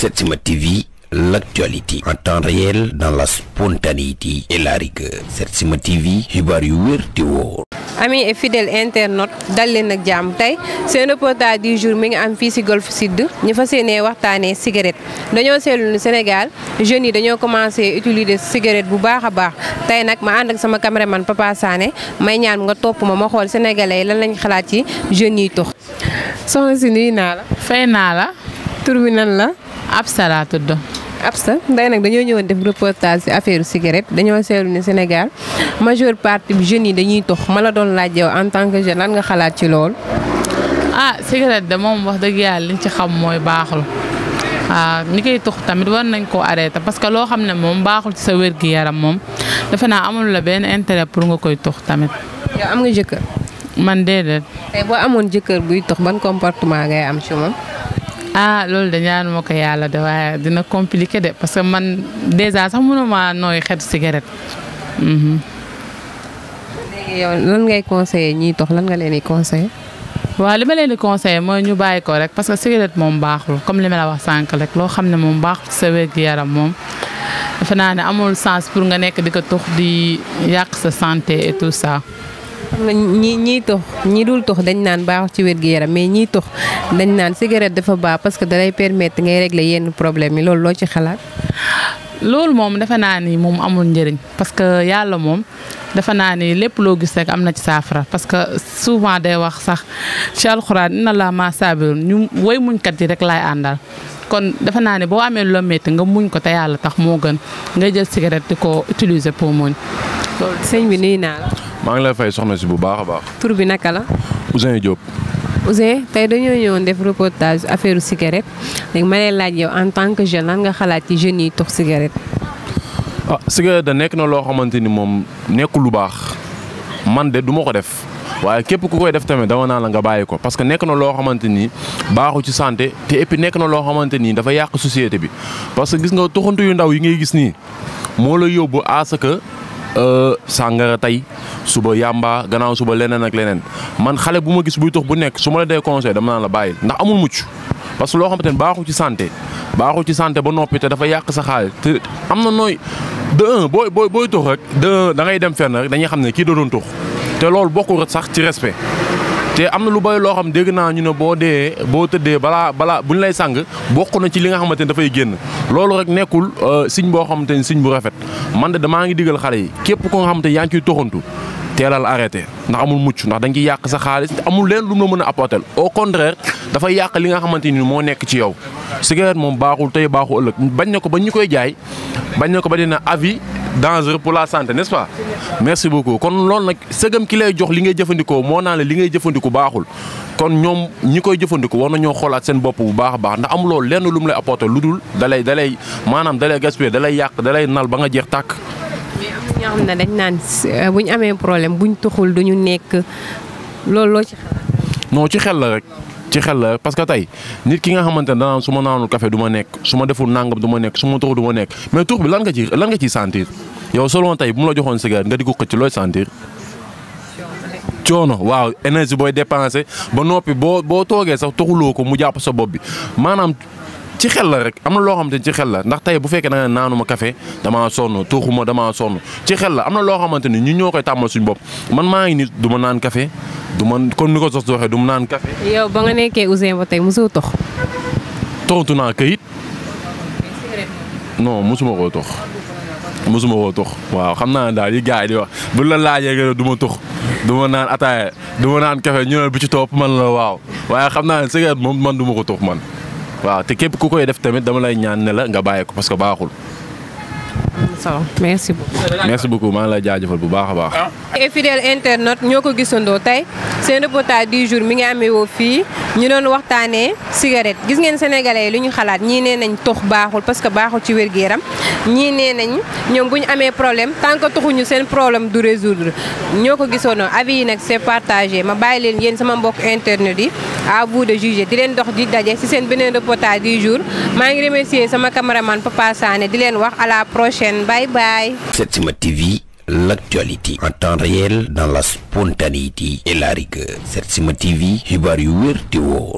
Setsima TV l'actualité en temps réel dans la spontanéité et la rigueur TV xibaar yu wér te wóor amis et fidèles internautes leen ak jàmm tey seen reportage du jour mi ngi am fii si Golf Sud ñu fa yéenee waxtaanee cigarette dañoo seetlu ne Sénégal jeunes yi dañoo commencé utiliser cigarette bu baax a baax tey nag ma ànd ak sama caméraman Papa Sané may ñaan nga topp ma ma xool sénégalais lan lañ xalaat ci jeunes yi tux si nuyu naa la fay naa la tur Absa do tudd. Absa nday nag dañoo ñëwoon def reportage ci affaire cigarette dañoo seetlu ne Sénégal majeure partie jeunes yi dañuy tox ma la doon laaj yow en tant que jeune lan nga xalaat ci lool. ah cigarette de moom wax dëgg yàlla liñ ci xam mooy baaxul waaw ah, ñi koy tux tamit war nañ koo arrêté parce que loo xam ne moom baaxul ci sa wér gi yaram moom defe naa amul la benn intéret pour nga koy tux tamit. yow am nga jëkkër. man déedéet. tey boo amoon jëkkër buy tux ban comportement ngay am ci ah loolu de ñaanu ma ko yàlla de waaye dina compliqué de parce que man déjà sax mënuma nooy xet cigarette. Mhm. léegi yow lan ngay conseillé ñiy tox lan nga leen di conseillé. waaw li ma leen di conseillé mooy ñu bàyyi ko rek parce que cigarette moom baaxul comme li ma la wax sànq rek loo xam ne moom baaxul sa wér-gu-yaram moom. defe amul sens pour nga nekk di ko tox di yàq sa santé et tout ça. xam nga ñi ñiy ñi dul tux dañ naan baax ci wér-gu-yaram mais ñiy tux dañ naan cigarette dafa baax parce que dalay permettre ngay régler yenn problème yi lool loo ci xalaat loolu moom defe naa ni moom amul njëriñ parce que yàlla moom defe naa ni lépp loo gis rek am na ci saafara parce que souvent day wax sax ci alxuraan na laa maa saabiroon ñu woy muñkat yi rek laay àndal kon defe naa ne boo amee loo nga muñ ko te yàlla tax moo gën ngay jël cigarette di ko utiliser pour muñ. loolu bi nuyu naa maa ngi lay fay soxna si bu baax a baax. tur bi naka la. Ousin Diop. Ousin tey dañoo ñëwoon def reportage affaire cigarette léegi ma lay laaj yow en tant que jeune lan nga xalaat ci jeunes yi tox cigarette. ah cigarette da nekk na loo xamante ni moom nekkul lu baax man de du ma ko def waaye képp ku koy def tamit dama naa la nga bàyyi ko parce que nekk na loo xamante nii baaxu ci santé te et nekk na loo xamante ni dafa yàq société bi parce que gis nga toxantu yu ndaw yi ngay gis nii moo la à ce que euh, tey. suba yàmba gannaaw suba leneen ak leneen man xale bu ma gis buy tux bu nekk su ma la dee conseil dama naan la bàyyil ndax amul mucc parce que loo xam ne baaxu ci santé baaxu ci santé ba noppi te dafa yàq sa xaalis te am na nooy de boo boo booy booy tux rek de da ngay dem fenn rek dañuy xam ne kii da doon tux te loolu bokkul sax ci respect te am na lu bay loo xam dégg naa ñu ne boo dee boo tëddee balaa balaa bu ñu lay sàng bokk na ci li nga xamante ni dafay génn loolu rek nekkul euh, signe boo xamante ni signe bu rafet man de damaa ngi digal xale yi képp ko nga xamante ni yaa ngi ciy toxantu teelal arrêté ndax amul mucc ndax dañ ciy yàq sa xaalis amul leen lu mu mën a apporter au contraire dafa yàq li nga xamante ni moo nekk ci yow cigarette moom baaxul tey baaxul ëllëg bañ na ko ba ñu koy jaay bañ na ko ba dina avis dangereux pour la santé n'est-ce pas merci kon loolu nag sëgam ki lay jox li ngay jëfandikoo moo naa la li ngay jëfandiku baaxul kon ñoom ñi koy jëfandikoo war na ñoo xoolaat seen bopp bu baax baax ndax amuloo lenn lu mu lay apporter lu dul dalay dalay maanaam dalay gaspiller dalay yàq dalay nal ba nga jeex tàkk mais am na ñoo xam ne dañ naan euh, bu ñu amee problème buñ tuxul duñu nekk loolu loo ci xel non ci xel la rek ci xel la parce que tey nit ki nga xamante ne danaan su ma naanul kafe du ma nekk su ma deful nangam du ma nekk su ma tux du ma nekk mais tux bi nga ci lan nga ciy sentir yow tey bu mu la joxoon cigarette nga di ko xëcc looy sentir. waaw énergie booy dépensé ba noppi boo boo toogee sax toxuloo ko mu jàpp sa bopp bi maanaam ci xel la rek am na loo xamante ni ci xel la ndax tey bu fekkee da nga naanuma kafe damaa sonn tuuxuma damaa sonn ci xel la am na loo xamante ni ñu ñoo koy tàmmal suñu bopp man maa ngi ni du ma naan kafe du man comme ni ko sos di waxee du mu naan café. yow ba nga nekkee Ouzin ba tey mosoo tox. toxatu naa kayit. non mosuma koo tox. mosuma koo tox waaw xam naa daal yi gars yi di wax bu la laajee nga du ma tox du ma naan ataaya du ma naan café ñu ne bu ci topp man la waaw waaye xam naa ne moom man du ma ko tox man. waaw te képp ku koy def tamit dama lay ñaan ne la nga bàyyi ko parce que baaxul. solo merci beaucoup. merci beaucoup maa ngi lay bu baax a baax. et fidèle internaute ñoo ko gisandoo tey seen reportage du jour mi ngi amee woo fii ñu doon waxtaanee cigarette gis ngeen sénégalais yi lu ñu xalaat ñii nee nañ baaxul parce baaxul ci wér yaram ñii nee ñoom bu ñu amee problème tant que seen problème du résoudre ñoo ko gisandoo avis yi nag c'est partagé ma bàyyi leen yéen sama mbokk internet yi à vous de juger di leen dox di daje ci seen beneen reportage du jour maa ngi remercier prochaine bye bye. Setsima TV l'actualité en temps réel dans la spontanéité et la rigueur xibaar yu wér te